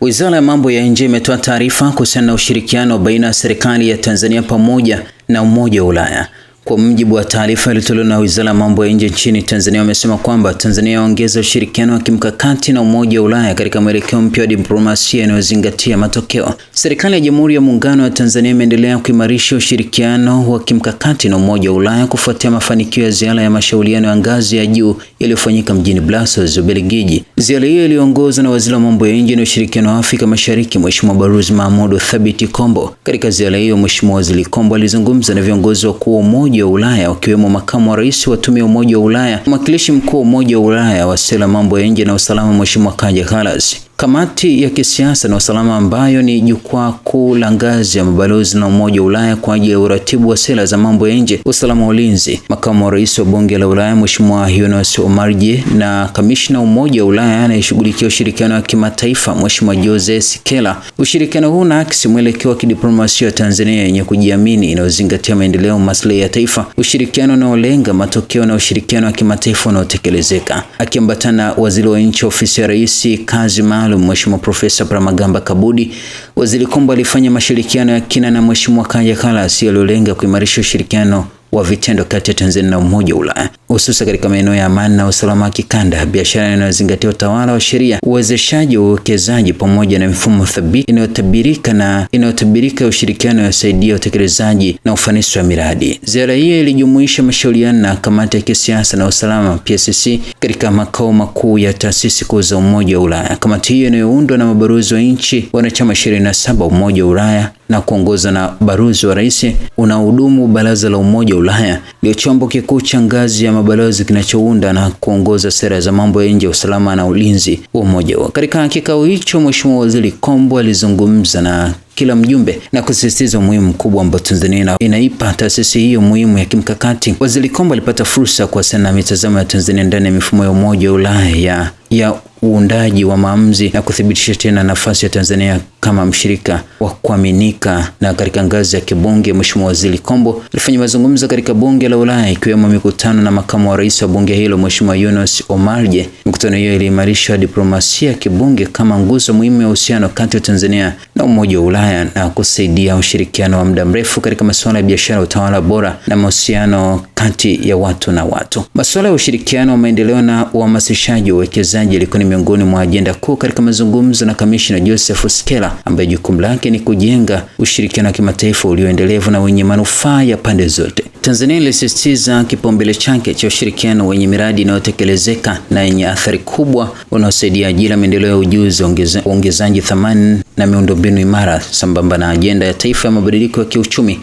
Wizara ya Mambo ya Nje imetoa taarifa kuhusiana na ushirikiano baina ya serikali ya Tanzania pamoja na Umoja wa Ulaya kwa mjibu wa taarifa iliyotolewa na Wizara ya Mambo ya Nje nchini Tanzania, wamesema kwamba Tanzania yaongeza ushirikiano wa kimkakati na Umoja wa Ulaya katika mwelekeo mpya wa diplomasia inayozingatia matokeo. Serikali ya Jamhuri ya Muungano wa Tanzania imeendelea kuimarisha ushirikiano wa kimkakati na Umoja wa Ulaya kufuatia mafanikio ya ziara ya mashauriano ya ngazi ya juu yaliyofanyika mjini Brussels, Ubelgiji. Ziara hiyo iliongozwa na Waziri wa Mambo ya Nje na Ushirikiano wa Afrika Mashariki, Mheshimiwa Balozi Mahmoud Thabiti Kombo. Katika ziara hiyo, Mheshimiwa Waziri Kombo alizungumza na viongozi wakuu wa umoja Umoja wa Ulaya wakiwemo makamu wa rais wa tume ya Umoja wa Ulaya, mwakilishi mkuu wa Umoja wa Ulaya wa sera mambo ya nje na usalama, Mheshimiwa Kaja Kallas Kamati ya kisiasa na usalama ambayo ni jukwaa kuu la ngazi ya mabalozi na Umoja wa Ulaya kwa ajili ya uratibu wa sera za mambo ya nje, usalama wa ulinzi. Makamu wa Rais wa Bunge la Ulaya Mheshimiwa Yunus Omarje na kamishna Umoja wa Ulaya anayeshughulikia ushirikiano wa kimataifa Mheshimiwa Jose Sikela. Ushirikiano huu unaakisi mwelekeo wa kidiplomasia wa Tanzania yenye kujiamini inayozingatia maendeleo, maslahi ya taifa, ushirikiano unaolenga matokeo na ushirikiano wa kimataifa unaotekelezeka. Akiambatana waziri wa nchi ofisi ya Rais kazi maalum Mheshimiwa Profesa pramagamba Kabudi, Waziri Kombo alifanya mashirikiano ya kina na Mheshimiwa Kaja Kallas yaliyolenga kuimarisha ushirikiano wa vitendo kati ya Tanzania na Umoja wa Ulaya hususa katika maeneo ya amani na usalama wa kikanda, biashara inayozingatia utawala wa sheria, uwezeshaji wa uwekezaji pamoja na mifumo thabiti inayotabirika na inayotabirika ya ushirikiano yasaidia utekelezaji na ufanisi wa miradi. Ziara hiyo ilijumuisha mashauriano na kamati ya kisiasa na usalama PSC katika makao makuu ya taasisi kuu za Umoja wa Ulaya. Kamati hiyo inayoundwa na mabalozi wa nchi wanachama 27 Umoja wa Ulaya na kuongozwa na barozi wa rais unaohudumu Baraza la Umoja wa Ulaya ndio chombo kikuu cha ngazi ya mabalozi kinachounda na kuongoza sera za mambo ya nje, usalama na ulinzi wa umoja huo. Katika kikao hicho, Mheshimiwa Waziri Kombo alizungumza na kila mjumbe na kusisitiza umuhimu mkubwa ambao Tanzania inaipa taasisi hiyo muhimu ya kimkakati. Waziri Kombo alipata fursa ya kuwasiliana na mitazamo ya Tanzania ndani ya mifumo ya Umoja wa Ulaya ya uundaji wa maamuzi na kuthibitisha tena nafasi ya Tanzania kama mshirika wa kuaminika. Na katika ngazi ya kibunge, Mheshimiwa Waziri Kombo alifanya mazungumzo katika bunge la Ulaya ikiwemo mikutano na makamu wa rais wa bunge hilo Mheshimiwa Yunus Omarje. Mikutano hiyo iliimarisha diplomasia ya kibunge kama nguzo muhimu ya uhusiano kati ya Tanzania na Umoja wa Ulaya na kusaidia ushirikiano wa muda mrefu katika masuala ya biashara, utawala bora na mahusiano kati ya watu na watu. Masuala ya ushirikiano wa maendeleo na uhamasishaji wa uwekezaji yalikuwa miongoni mwa ajenda kuu katika mazungumzo na kamishna Joseph Skela ambaye jukumu lake ni kujenga ushirikiano wa kimataifa ulioendelevu na wenye manufaa ya pande zote. Tanzania ilisisitiza kipaumbele chake cha ushirikiano wenye miradi inayotekelezeka na yenye athari kubwa unaosaidia ajira, maendeleo ya ujuzi, uongezaji thamani na miundombinu imara, sambamba na ajenda ya taifa ya mabadiliko ya kiuchumi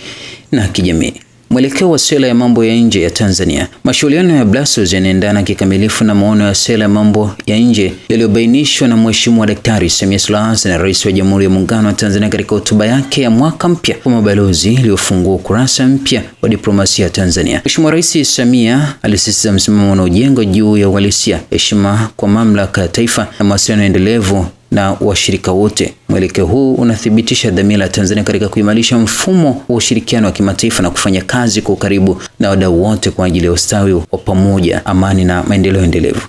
na kijamii. Mwelekeo wa sera ya mambo ya nje ya Tanzania. Mashauriano ya Brussels yanaendana kikamilifu na maono ya sera ya mambo ya nje yaliyobainishwa na Mheshimiwa Daktari Samia Suluhu Hassan, Rais wa Jamhuri ya Muungano wa Tanzania, katika hotuba yake ya mwaka mpya kwa mabalozi iliyofungua ukurasa mpya wa diplomasia ya Tanzania. Mheshimiwa Rais Samia alisisitiza msimamo unaojengwa juu ya uhalisia, heshima kwa mamlaka ya taifa na mawasiliano endelevu na washirika wote. Mwelekeo huu unathibitisha dhamira ya Tanzania katika kuimarisha mfumo wa ushirikiano wa kimataifa na kufanya kazi kwa ukaribu na wadau wote kwa ajili ya ustawi wa pamoja, amani na maendeleo endelevu.